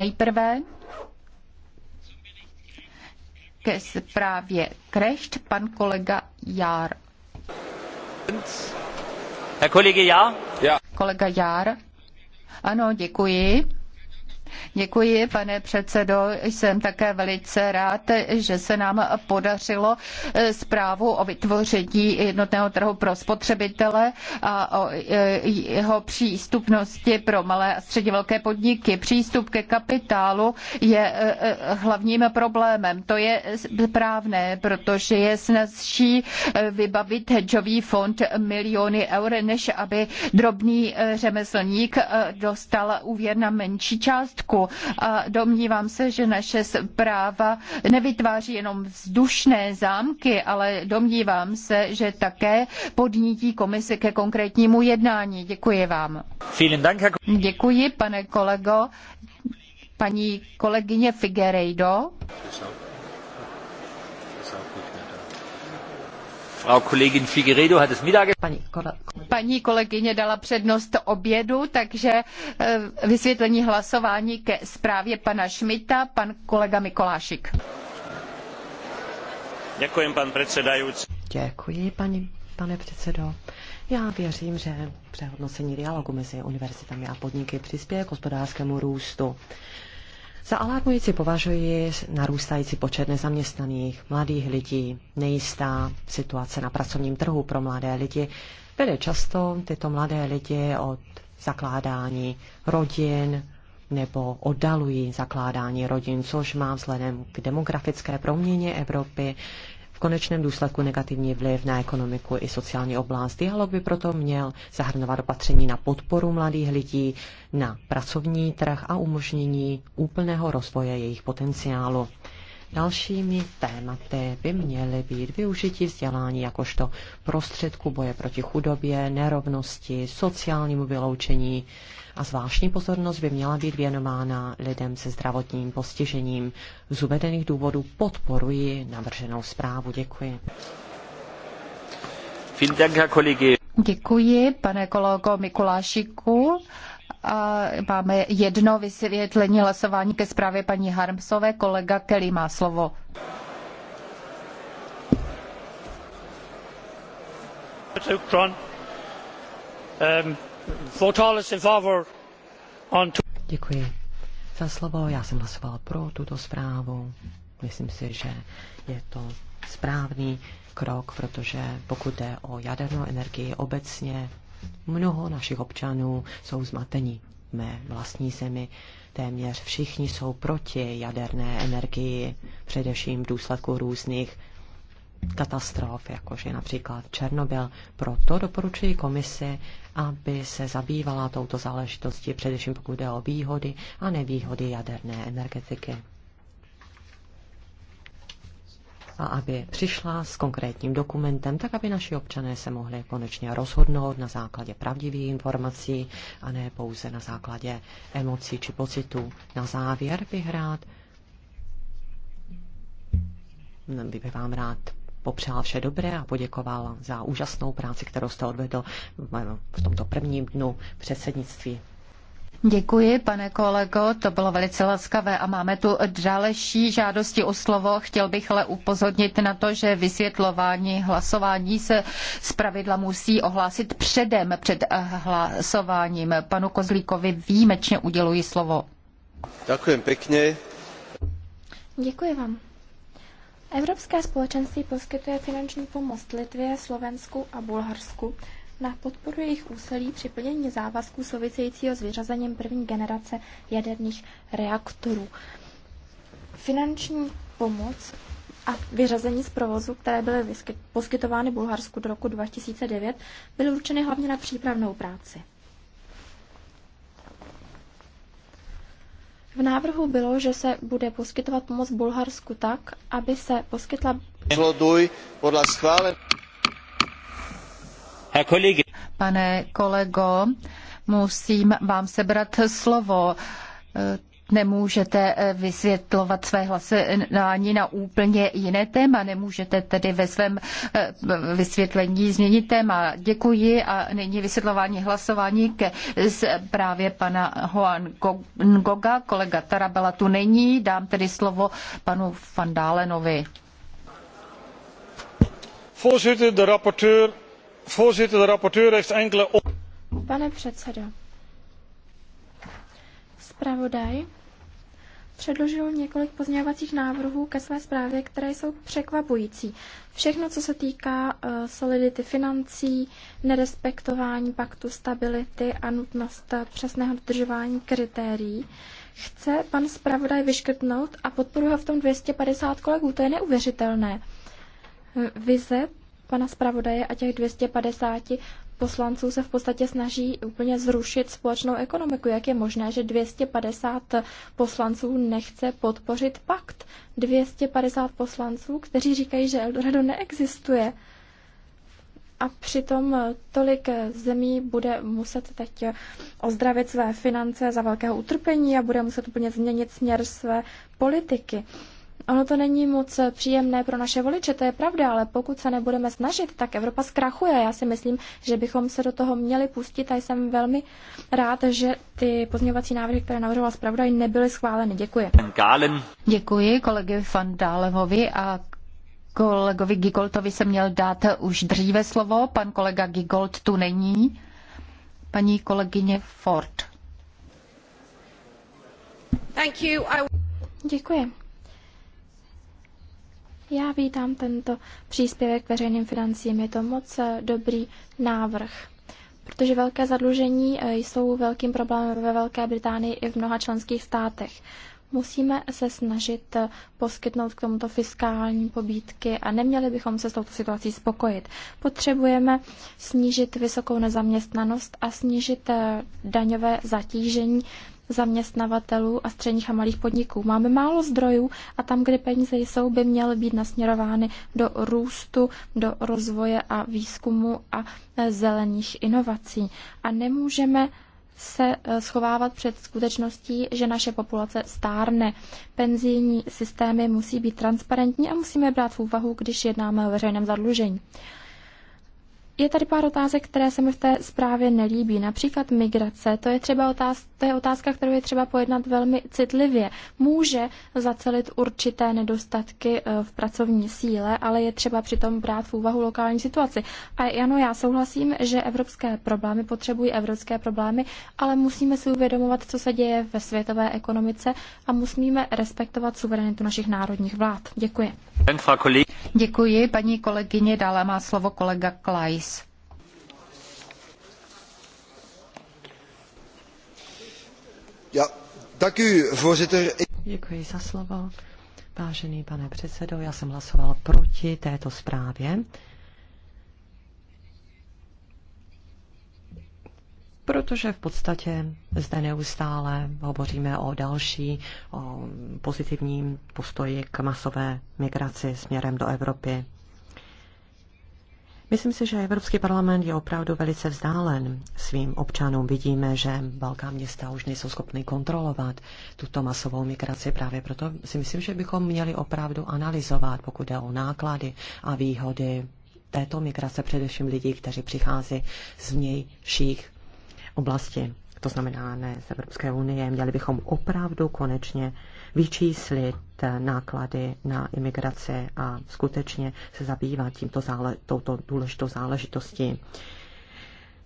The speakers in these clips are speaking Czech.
Nejprve ke zprávě Krecht pan kolega Jár. Herr kolega Jár? Ja. Kolega Jár. Ano, děkuji. Děkuji, pane předsedo. Jsem také velice rád, že se nám podařilo eh, zprávu o vytvoření jednotného trhu pro spotřebitele a o eh, jeho přístupnosti pro malé a středně velké podniky. Přístup ke kapitálu je eh, hlavním problémem. To je správné, protože je snazší vybavit hedžový fond miliony eur, než aby drobný řemeslník dostal úvěr na menší část pojistku a domnívám se, že naše zpráva nevytváří jenom vzdušné zámky, ale domnívám se, že také podnítí komisi ke konkrétnímu jednání. Děkuji vám. Děkuji, pane kolego. Paní kolegyně Figueiredo. Paní kolegyně dala přednost obědu, takže eh, vysvětlení hlasování ke zprávě pana Šmita, pan kolega Mikolášik. Děkuji, pan předsedající. Děkuji, paní, pane předsedo. Já věřím, že přehodnocení dialogu mezi univerzitami a podniky přispěje k hospodářskému růstu. Za alarmující považuji narůstající počet nezaměstnaných, mladých lidí, nejistá situace na pracovním trhu pro mladé lidi. Vede často tyto mladé lidi od zakládání rodin nebo oddalují zakládání rodin, což má vzhledem k demografické proměně Evropy v konečném důsledku negativní vliv na ekonomiku i sociální oblast. Dialog by proto měl zahrnovat opatření na podporu mladých lidí, na pracovní trh a umožnění úplného rozvoje jejich potenciálu. Dalšími tématy by měly být využití vzdělání jakožto prostředku boje proti chudobě, nerovnosti, sociálnímu vyloučení a zvláštní pozornost by měla být věnována lidem se zdravotním postižením. Z uvedených důvodů podporuji navrženou zprávu. Děkuji. Děkuji, pane kolego Mikulášiku. A máme jedno vysvětlení hlasování ke zprávě paní Harmsové. Kolega Kelly má slovo. Děkuji za slovo. Já jsem hlasoval pro tuto zprávu. Myslím si, že je to správný krok, protože pokud jde o jadernou energii obecně, Mnoho našich občanů jsou zmatení v mé vlastní zemi. Téměř všichni jsou proti jaderné energii, především v důsledku různých katastrof, jakože je například Černobyl. Proto doporučuji komisi, aby se zabývala touto záležitostí, především pokud jde o výhody a nevýhody jaderné energetiky a aby přišla s konkrétním dokumentem, tak aby naši občané se mohli konečně rozhodnout na základě pravdivých informací a ne pouze na základě emocí či pocitů. Na závěr bych rád bych vám rád popřál vše dobré a poděkoval za úžasnou práci, kterou jste odvedl v tomto prvním dnu předsednictví. Děkuji, pane kolego, to bylo velice laskavé a máme tu další žádosti o slovo. Chtěl bych ale upozornit na to, že vysvětlování hlasování se pravidla musí ohlásit předem před eh, hlasováním. Panu Kozlíkovi výjimečně uděluji slovo. Děkuji pěkně. Děkuji vám. Evropské společenství poskytuje finanční pomoc Litvě, Slovensku a Bulharsku na podporu jejich úsilí při plnění závazků souvisejícího s vyřazením první generace jaderných reaktorů. Finanční pomoc a vyřazení z provozu, které byly poskytovány Bulharsku do roku 2009, byly určeny hlavně na přípravnou práci. V návrhu bylo, že se bude poskytovat pomoc Bulharsku tak, aby se poskytla... Podle schválení. Pane kolego, musím vám sebrat slovo. Nemůžete vysvětlovat své hlasování na úplně jiné téma, nemůžete tedy ve svém eh, vysvětlení změnit téma. Děkuji a nyní vysvětlování hlasování ke právě pana Juan Goga. Kolega Tarabela tu není, dám tedy slovo panu Fandálenovi. Voorzitter, de rapporteur Pane předsedo, zpravodaj předložil několik pozměňovacích návrhů ke své zprávě, které jsou překvapující. Všechno, co se týká uh, solidity financí, nerespektování paktu stability a nutnost eh, přesného dodržování kritérií, chce pan zpravodaj vyškrtnout a podporuje v tom 250 kolegů. To je neuvěřitelné. Eh, vize pana zpravodaje a těch 250 poslanců se v podstatě snaží úplně zrušit společnou ekonomiku. Jak je možné, že 250 poslanců nechce podpořit pakt? 250 poslanců, kteří říkají, že Eldorado neexistuje. A přitom tolik zemí bude muset teď ozdravit své finance za velkého utrpení a bude muset úplně změnit směr své politiky. Ono to není moc příjemné pro naše voliče, to je pravda, ale pokud se nebudeme snažit, tak Evropa zkrachuje. Já si myslím, že bychom se do toho měli pustit a jsem velmi rád, že ty pozměňovací návrhy, které navrhoval zpravodaj, nebyly schváleny. Děkuji. Děkuji kolegy Van Dálevovi a kolegovi Gigoltovi se měl dát už dříve slovo. Pan kolega Gigolt tu není. Paní kolegyně Ford. Thank you. I... Děkuji. Já vítám tento příspěvek k veřejným financím. Je to moc eh, dobrý návrh, protože velké zadlužení eh, jsou velkým problémem ve Velké Británii i v mnoha členských státech. Musíme se snažit eh, poskytnout k tomuto fiskální pobídky a neměli bychom se s touto situací spokojit. Potřebujeme snížit vysokou nezaměstnanost a snížit daňové zatížení zaměstnavatelů a středních a malých podniků. Máme málo zdrojů a tam, kde peníze jsou, by měly být nasměrovány do růstu, do rozvoje a výzkumu a e, zelených inovací. A nemůžeme se e, schovávat před skutečností, že naše populace stárne. Penzijní systémy musí být transparentní a musíme brát v úvahu, když jednáme o veřejném zadlužení. Je tady pár otázek, které se mi v té zprávě nelíbí. Například migrace. To je třeba otázka, to je otázka, kterou je třeba pojednat velmi citlivě. Může zacelit určité nedostatky eh, v pracovní síle, ale je třeba přitom brát v úvahu lokální situaci. A ano, já souhlasím, že evropské problémy potřebují evropské problémy, ale musíme si uvědomovat, co se děje ve světové ekonomice a musíme respektovat suverenitu našich národních vlád. Děkuji. Děkuji, paní kolegyně. Dále má slovo kolega Klajs. Ja, děkuji, Děkuji za slovo. Vážený pane předsedo, já jsem hlasoval proti této zprávě protože v podstatě zde neustále hovoříme o další, o pozitivním postoji k masové migraci směrem do Evropy. Myslím si, že Evropský parlament je opravdu velice vzdálen svým občanům. Vidíme, že velká města už nejsou schopny kontrolovat tuto masovou migraci. Právě proto si myslím, že bychom měli opravdu analyzovat, pokud jde o náklady a výhody této migrace, především lidí, kteří přichází z mějších oblasti, to znamená ne z Evropské unie. Měli bychom opravdu konečně vyčíslit náklady na imigraci a skutečně se zabývat tímto zále, touto důležitou záležitostí.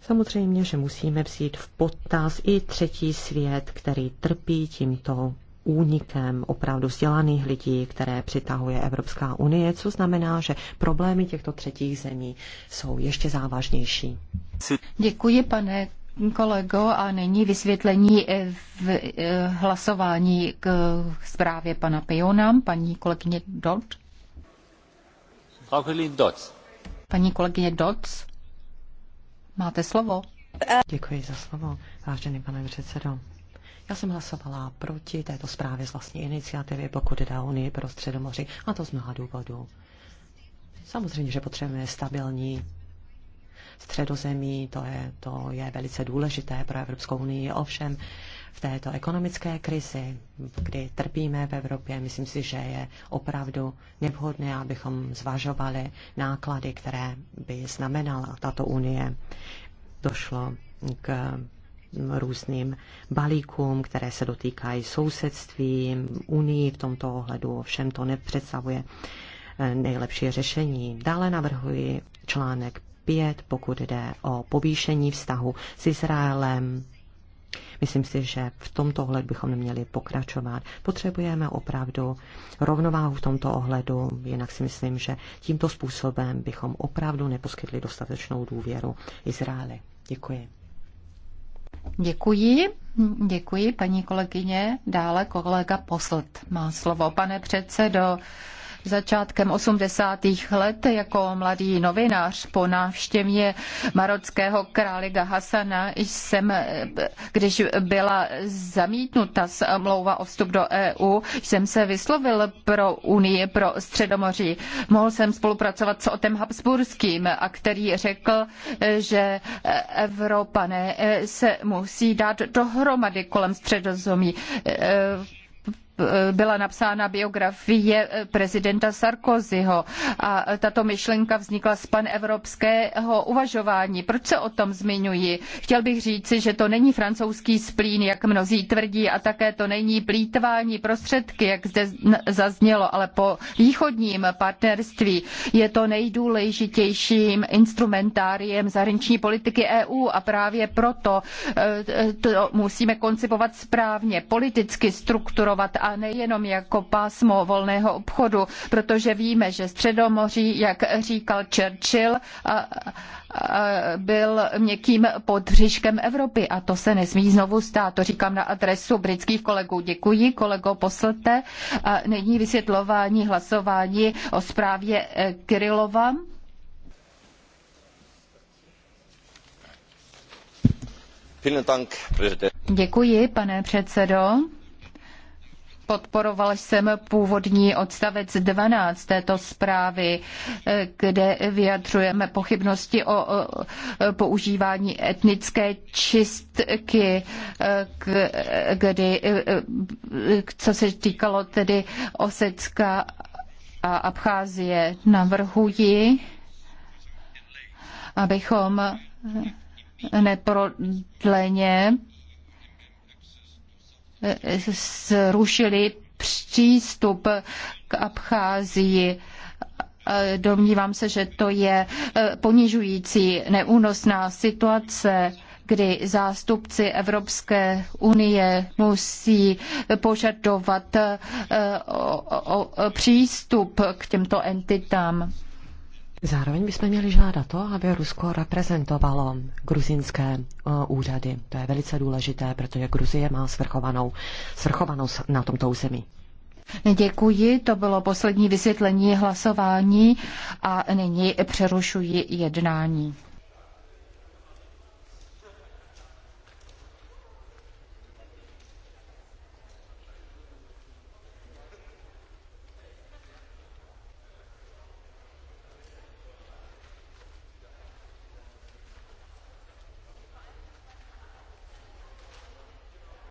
Samozřejmě, že musíme vzít v potaz i třetí svět, který trpí tímto únikem opravdu vzdělaných lidí, které přitahuje Evropská unie, co znamená, že problémy těchto třetích zemí jsou ještě závažnější. Děkuji, pane kolego, a nyní vysvětlení v eh, hlasování k zprávě pana Pejona, paní kolegyně Dodds. Paní kolegyně Dodds, máte slovo. Děkuji za slovo, vážený pane předsedo. Já jsem hlasovala proti této zprávě z vlastní iniciativy, pokud jde o Unii pro Středomoří, a to z mnoha důvodů. Samozřejmě, že potřebujeme stabilní středozemí, to je, to je velice důležité pro Evropskou unii. Ovšem v této ekonomické krizi, kdy trpíme v Evropě, myslím si, že je opravdu nevhodné, abychom zvažovali náklady, které by znamenala tato unie. Došlo k různým balíkům, které se dotýkají sousedství, unii v tomto ohledu, ovšem to nepředstavuje eh, nejlepší řešení. Dále navrhuji článek zpět, pokud jde o povýšení vztahu s Izraelem. Myslím si, že v tomto ohledu bychom neměli pokračovat. Potřebujeme opravdu rovnováhu v tomto ohledu, jinak si myslím, že tímto způsobem bychom opravdu neposkytli dostatečnou důvěru Izraeli. Děkuji. Děkuji. Děkuji, paní kolegyně. Dále kolega Posled má slovo. Pane předsedo, začátkem 80. let jako mladý novinář po návštěvě marockého králika Hasana jsem, když byla zamítnuta smlouva o vstup do EU, jsem se vyslovil pro Unii pro Středomoří. Mohl jsem spolupracovat s Otem Habsburským, a který řekl, že Evropané se musí dát dohromady kolem středozemí byla napsána biografie prezidenta Sarkozyho a tato myšlenka vznikla z panevropského uvažování. Proč se o tom zmiňuji? Chtěl bych říci, že to není francouzský splín, jak mnozí tvrdí, a také to není plítvání prostředky, jak zde zaznělo, ale po východním partnerství je to nejdůležitějším instrumentáriem zahraniční politiky EU a právě proto e, to musíme koncipovat správně, politicky strukturovat a a nejenom jako pásmo volného obchodu, protože víme, že Středomoří, jak říkal Churchill, byl měkkým podříškem Evropy a to se nesmí znovu stát. To říkám na adresu britských kolegů. Děkuji, kolego Poslte. A nyní vysvětlování hlasování o zprávě eh, Kirilova. Děkuji, pane předsedo. Podporoval jsem původní odstavec 12 této zprávy, kde vyjadřujeme pochybnosti o používání etnické čistky, kdy, co se týkalo tedy Osecka a Abcházie. Navrhuji, abychom neprodleně zrušili přístup k Abcházii. Domnívám se, že to je eh, ponižující, neúnosná situace kdy zástupci Evropské unie musí požadovat eh, přístup k těmto entitám. Zároveň bychom měli žádat to, aby Rusko reprezentovalo gruzinské eh, úřady. To je velice důležité, protože Gruzie má svrchovanou, svrchovanou na tomto území. Děkuji, to bylo poslední vysvětlení hlasování a nyní přerušuji jednání.